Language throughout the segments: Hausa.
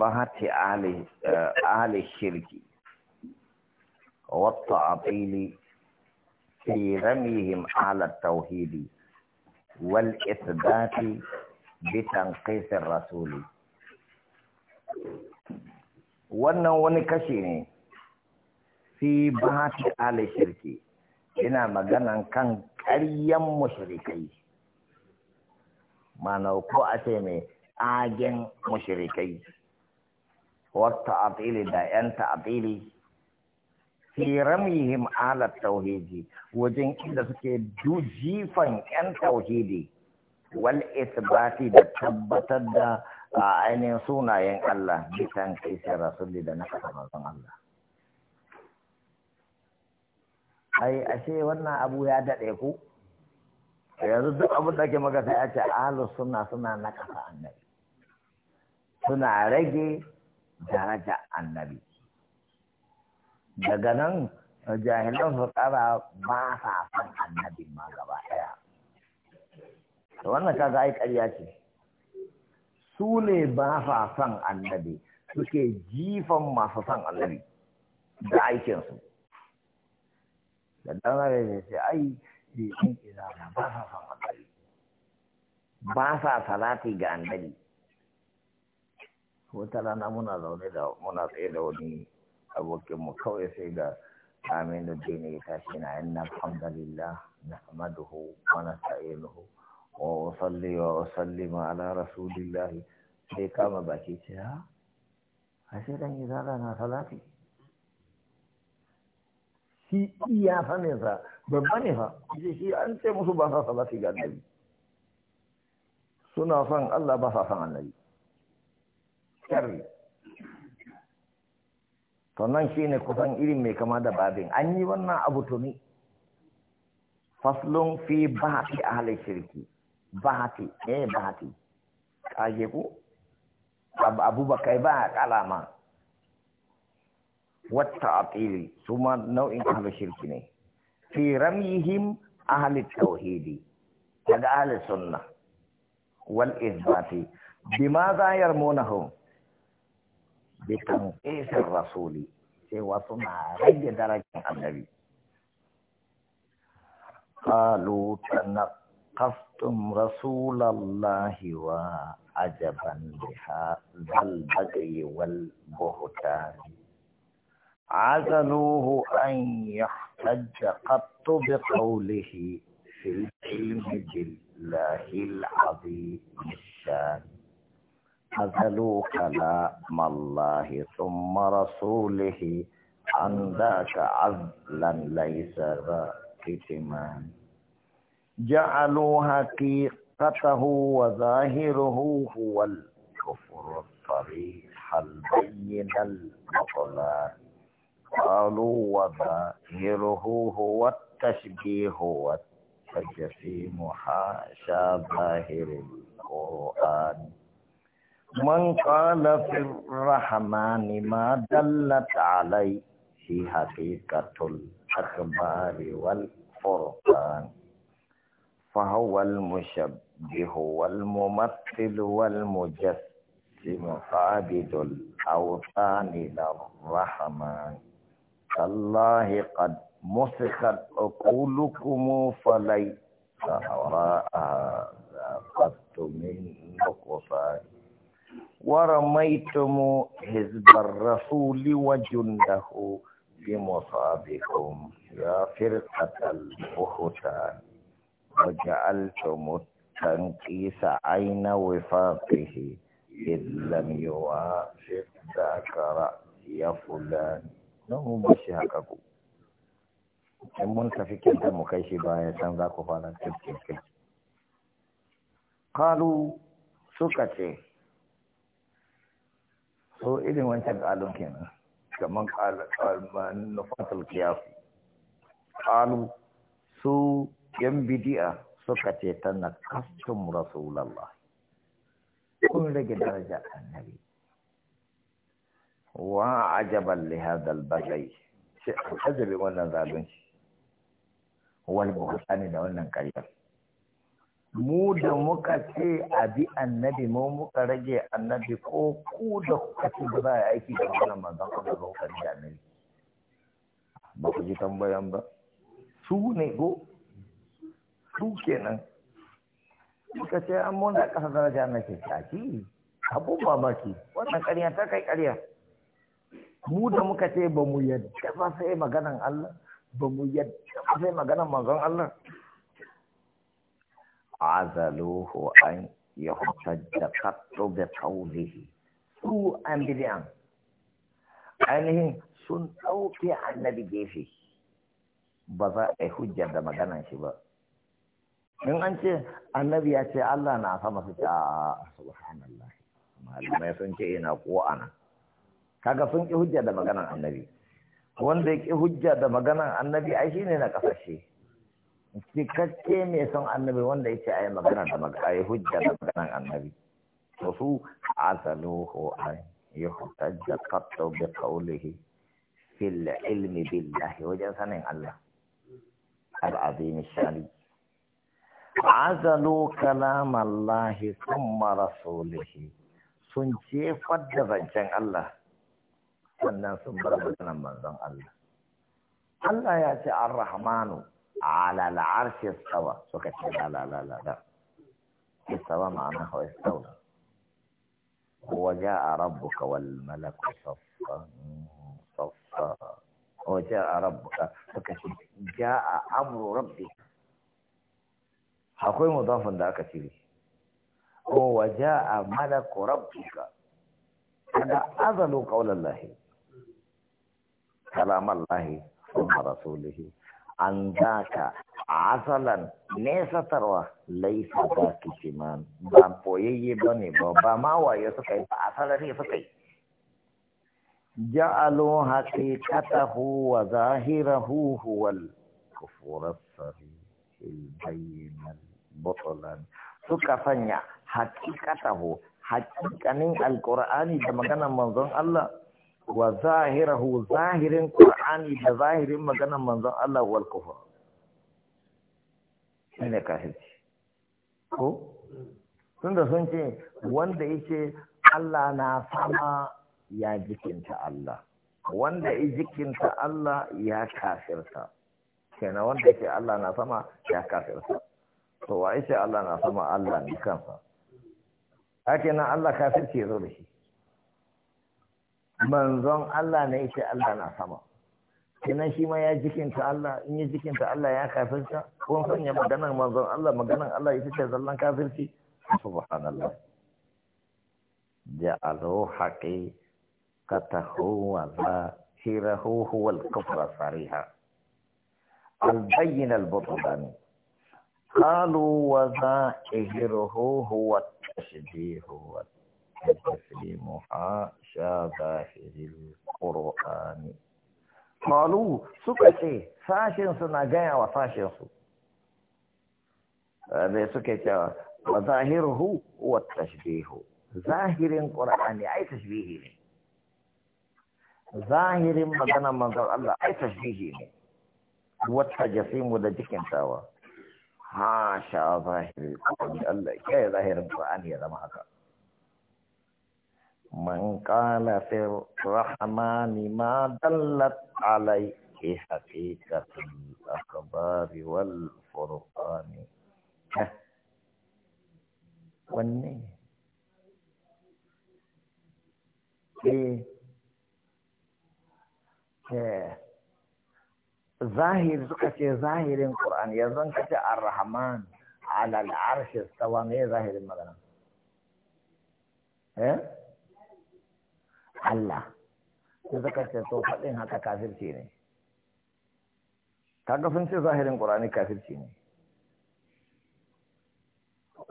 bahati Ali shirki والتعطيل في wal على التوحيد والإثبات بتنقيص rasuli. wannan wani kashi ne fi bahati Ali shirki ina maganan kan ƙaryan mushrikai mana ko a ce mai agen mushrikai wata atili da yan ta'atili fi ramihim ala tauhidi wajen inda suke jifan yan tauhidi wal isbati da tabbatar da a ainihin sunayen Allah bisan kisir rasuli da na kasamansan Allah ai ashe wannan abu ya daɗe ku yanzu duk abin da ke maka sai ce ahlus suna suna nakasa annabi suna rage daraja annabi daga nan jahilan kara ba sa san annabi ma gaba ɗaya to wannan kaga ai ƙarya ce su ne ba sa san annabi suke jifan masu san annabi da aikinsu da ɗanare ne sai ai jikin izara ba sa san annabi ba sa salati ga annabi wata rana muna zaune da muna tsaye da wani abokinmu kawai sai da amin da ya tashi na yan na alhamdulillah na hamaduhu mana na sa'iluhu wa wasalli wa usallima ala rasulillah sai kama baki ce ha a sai dan zara na salati shi iya sanin sa babba ne fa shi an ce musu ba sa salati ga annabi suna son Allah ba sa san annabi sharri to nan shine kusan irin mai kama da babin an yi wannan abu tuni faslun fi bahati a halin shirki bahati eh bahati kaje ku abubakar ba a kalama wata atili su ma nau'in halin shirki ne fi a halin tauhidi daga halin sunna wal bi bima za yarmunahum بتنقيس الرسول سوى صنع رج درجة النبي قالوا تنقفتم رسول الله وعجبا بهذا البغي والبهتان عزلوه أن يحتج قط بقوله في العلم بالله العظيم الشان هزلوا كلام الله ثم رسوله عن ذاك عذلا ليس ذا كتما جعلوا حقيقته وظاهره هو الكفر الصريح البين المطلق قالوا وظاهره هو التشبيه والتجسيم حاشا ظاهر القرآن من قال في الرحمن ما دلت عليه حقيقة الأخبار والفرقان فهو المشبه والممثل والمجسم قابد الأوثان للرحمن تالله قد مسخت عقولكم فليس وراءها قد من نقصان ورميتم حزب الرسول وجنده بمصابكم يا فرقة البهتان وجعلتم التنقيس عين وفاقه إذ لم يوافق ذاك رأي فلان نعم بشي هكاكو mun tafi kyanta mu kai shi baya can za ku fara so irin wancan ƙalun kenan kamar fatal kiyasu ƙalu su yan bidiya suka ce ta na kastum rasulallah kun rage daraja annabi wa ajaban li hadal bagai shi ajabi wannan zalunci wani ne da wannan ƙaryar mu da muka ce a bi annabi mu muka rage annabi ko ku da kuka ce ba za a aiki da wannan manzon Allah ba kuka da annabi ba ku ji tambayan ba su ne go su kenan suka ce an mona kasa daraja na ke shaki abun maki wannan karya ta kai karya mu da muka ce ba mu yadda ba sai maganan Allah ba mu yadda ba sai maganan manzon Allah azaluhu an yahtajja qattu bi qawlihi su an bid'an ainihin sun ɗauke annabi gefe ba za a yi hujjar da maganan shi ba in an ce annabi ya ce Allah na sama su ce a subhanallah malamai sun ce ina ko ana kaga sun ki hujja da maganan annabi wanda ya ki hujja da maganan annabi ai shine na kasashe cikakke mai son annabi wanda ya ce a yi magana da magana hujja da maganan annabi to su azaluhu an da qattu da qawlihi fil ilmi billahi wajen sanin Allah al-azim shani kalam Allah thumma rasulihi sun ce fadda zancen Allah sannan sun bar maganan manzon Allah Allah ya ce ar-rahmanu على العرش استوى سكت لا لا لا لا استوى معناه استوى وجاء ربك والملك صفا صفا وجاء ربك سكت جاء امر ربك اخوي مضافا ده كثير وجاء ملك ربك هذا اظل قول الله كلام الله ثم رسوله an daka asalan nesatarwa laifin ba kiman ba boyayye ba ne ba ba ma waye suka yi ba asalan ne suka yi ja'alu haqiqatahu wa zahirahu huwal kufur sarihil bayyinal botolan suka sanya haqiqatahu haƙiƙanin alqur'ani da maganar manzon Allah wa zahirahu zahirin qur'ani da zahirin maganar manzon Allah wal kufur ne ka kafirci ko tunda sun ce wanda yake Allah na sama ya jikinta Allah wanda ya jikinta Allah ya kafirta kenan wanda yake Allah na sama ya kafirta to wa yake Allah na sama Allah ne kansa haka nan Allah kafirci zo da shi manzon Allah ne yake Allah na sama kenan shi ma ya jikinta Allah in ya jikinta Allah ya kafirta ko ya magana manzon Allah magana Allah ita ce zallan kafirci subhanallah ja'alu haqi katahu wa zahirahu huwa al-kufra sariha al-bayyin al-butlan قالوا huwa هو التشبيه والتشبيه تسليمها شباهر القرآن قالوا سكتي فاشن سنجايا وفاشن سو سكتي وظاهره هو التشبيه ظاهر القرآن أي تشبيه ظاهر مدن منظر الله أي تشبيه والتجسيم وده جكن تاوى حاشا ظاهر القرآن الله كي ظاهر القرآن يا ذا ما هكذا من قال في الرحمن ما دلت عليه حقيقة الأخبار والفرقان وني إيه. إيه. ظاهر كتي ظاهر القرآن يظن كتي الرحمن على العرش استوى ظاهر المغرب Allah sai suka ce to faɗin haka kafirci ne kaga sun ce zahirin ƙur'ani kafirci ne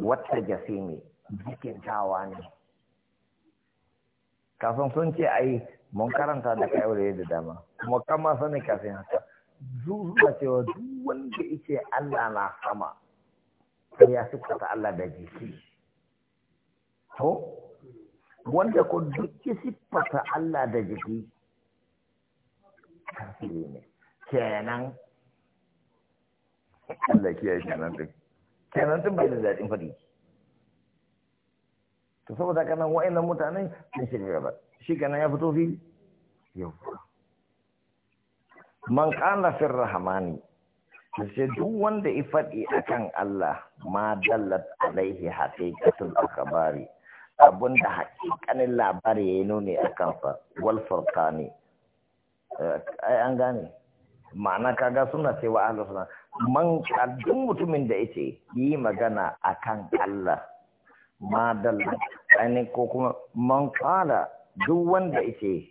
wata jikin jikintawa ne kafin sun ce ai mun karanta da kai aure da dama kuma kama sani kafin haka zuwa cewa duk wanda yake Allah na sama sai ya suka ta Allah da jiki to wanda ko duki ya siffata Allah da jiki kafiri ne kenan Allah ke yi kenan din kenan din bai da daɗin faɗi to saboda haka nan wa'annan mutanen sun shiga gaba shi kenan ya fito fili yau man kana fir rahmani sai duk wanda ya faɗi akan Allah ma dallat alaihi haqiqatul akhbari abun da hakikanin labari ya yi nuni a kansa walfar furqani eh, ai an gane ma'ana kaga suna cewa ahlus sunna man duk mutumin da ce yi magana a kan Allah madal ani ko kuma man qala duk wanda ce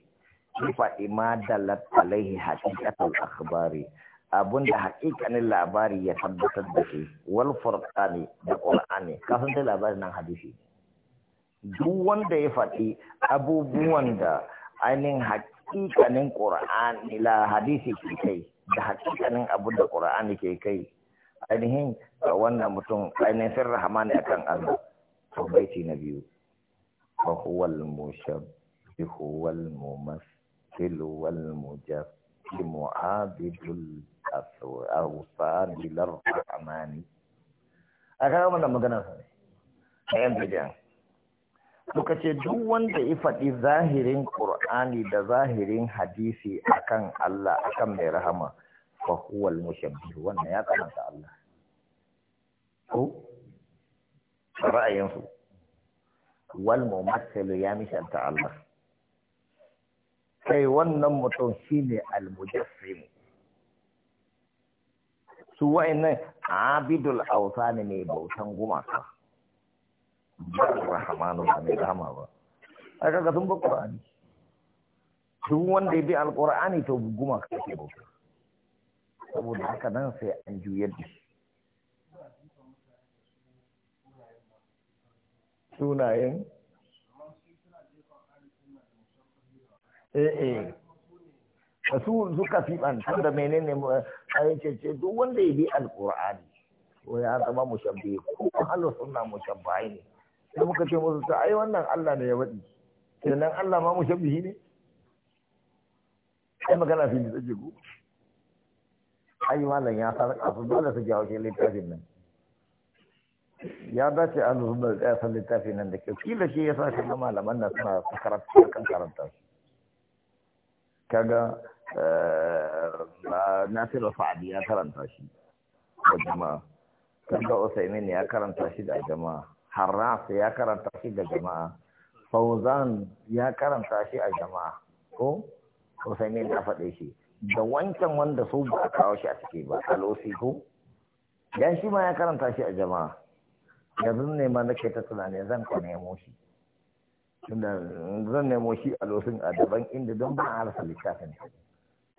ya faɗi madalat alaihi haqiqatul akhbari abinda haƙiƙanin labari ya tabbatar da shi walfar furqani da ƙwar'ani kasan dai labarin nan hadisi duk wanda ya faɗi abubuwan da ainihin hakikanin ƙura'ani la hadisi ke kai da hakikanin abu da ƙura'ani ke kai ainihin wannan mutum ainihin sun rahama ne akan Allah to baiti na biyu fa huwal mushabbihu wal mumassil wal mujassim mu'abidul awsan bil rahmani aka ga wannan maganar sa ne muka ce duk wanda ya faɗi zahirin ƙur'ani da zahirin hadisi akan Allah akan mai rahama fa huwa al-mushabbih wannan ya tsananta Allah ko ra'ayin su wal mumathil ya mishanta Allah sai wannan mutum shine al-mujassim su wa'annan abidul Ausani ne bautan gumaka ba rahamanu ba mai rahama ba a kaga sun ba wanda ya bi alqur'ani to guma ka ke bauta haka nan sai an eh, eh. su suka fi ban da menene ayin eh, cece duk wanda ya bi alqur'ani ya zama mushabbi suna halu sunna mushabbai ne sai muka ce musu ta ai wannan Allah ne ya waɗi kenan Allah ma mushabbihi ne ai magana fili take ko. ai malam ya sarƙa su dole su jawo shi littafin nan ya dace an zubar da san littafin nan da ke kila shi ya sa shi na malaman nan suna karanta kan karanta su kaga eh, Nasiru Sa'adi ya karanta shi da jama'a kaga Usaimin ya karanta shi da jama'a harras ya karanta shi ga jama'a fauzan ya karanta shi a jama'a ko ne ta faɗe shi da wancan wanda su ba a kawo shi a ciki ba alosi ko Yan shi ma ya karanta shi a jama'a yanzu ne ma nake ta tunani zan ka nemo shi tunda zan nemo shi a losin a daban inda don ba a rasa littafin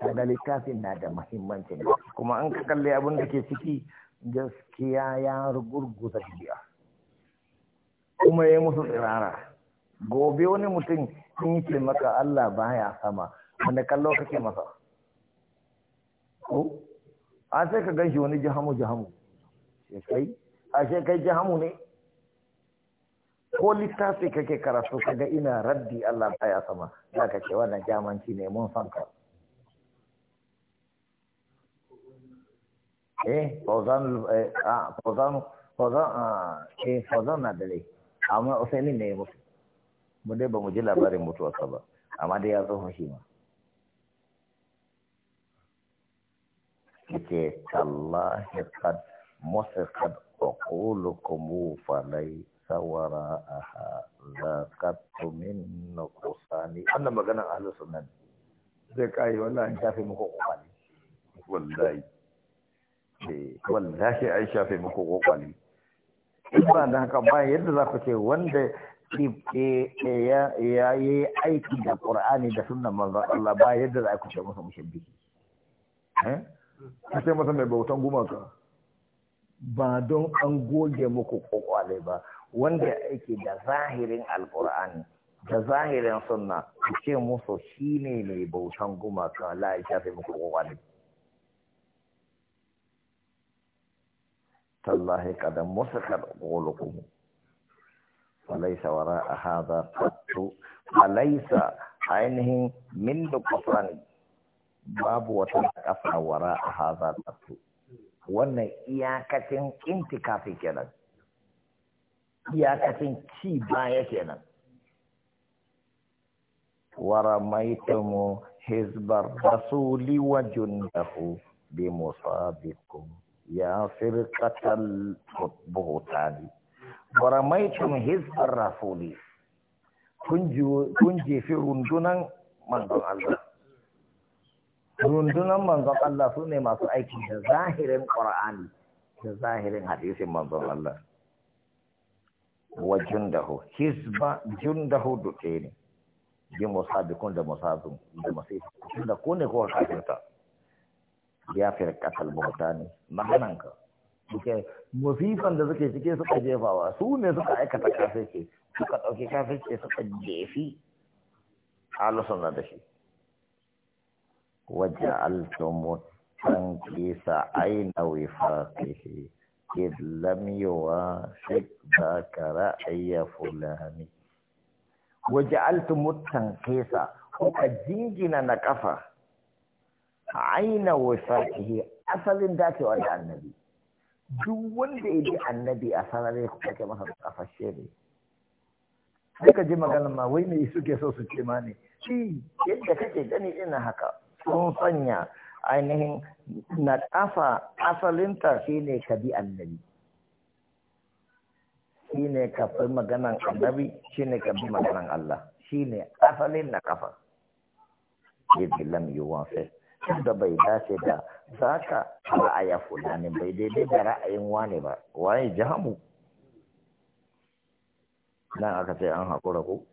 kaga littafin na da muhimmanci kuma an ka kalli abin da ke ciki gaskiya ya rugurguza biya kuma ya musu tsirara gobe wani mutum sun yi maka Allah baya sama wanda kallo kake masa ko a sai ka gan shi wani jihamu jihamu sai kai a sai kai jihamu ne ko littafi kake karatu kaga ina raddi Allah baya sama za ka ce wannan jamanci ne mun san ka eh fauzan eh ah fauzan ah, eh fauzan na dare amma usaimin ne ya mutu mu dai ba mu ji labarin mutuwarsa ba amma dai ya tsohon shi ma yake tallahi kad musiqat uqulukum falai sawara a ha za ka aha zakatu min nuqsani annan maganan ahlus sunna zai kai wallahi an shafe muku kokali wallahi eh wallahi an shafe muku kokali ba da haka ba yadda za ku ce wanda eh, eh, ya yi aiki da ƙur'ani da sunan manzan Allah ba yadda za ku ce masa mushabbiki eh? ka ce masa mai bautan gumaka ba don an goge muku kokwale ba wanda ya aiki da zahirin alƙur'ani da zahirin sunna ku ce musu shine mai bautan gumaka la'aisha ya muku kokwale تالله قد مسخر غلقه فليس وراء هذا قط فليس عينه من كفران باب وتنكفر وراء هذا قط وانا اياكة انت كافي كنا اياكة تي باية كنا ورميتم حزب الرسول وجنده بمصابكم ya firqatal buhutani baramaitum hizbar rasuli kun jefi rundunan manzon Allah rundunan manzon Allah su ne masu aiki da zahirin Qur'ani da zahirin hadisin manzon Allah wa jundahu hizba jundahu dutse ne bi musabikun da musabikun da masifin da ku ne ko kafirta ya firkatal bauta ne magananka suke musifan da suke cike suka jefawa su ne suka aikata kafirce suka ɗauki kafirce suka jefi na da shi wajen altumu san kisa aina shi إذ لم يوافق ذاك رأي فلان وجعلتم kuka وقد na kafa aina wasaƙihi asalin dacewa da annabi duk wanda ya bi annabi a sarari ku masa kafashe ne sai ka ji maganar ma wai me suke so su ce ma ne shi yadda kake gani ina haka sun sanya ainihin na kafa asalinta shi ne ka bi annabi shi ne ka fi maganan annabi shi ne ka bi maganan Allah shi ne asalin na kafa yadda lam yi wafe da bai dace da zaka ra'aya fulani bai daidai da ra'ayin wane ba waye jamu nan aka ce an haƙura ko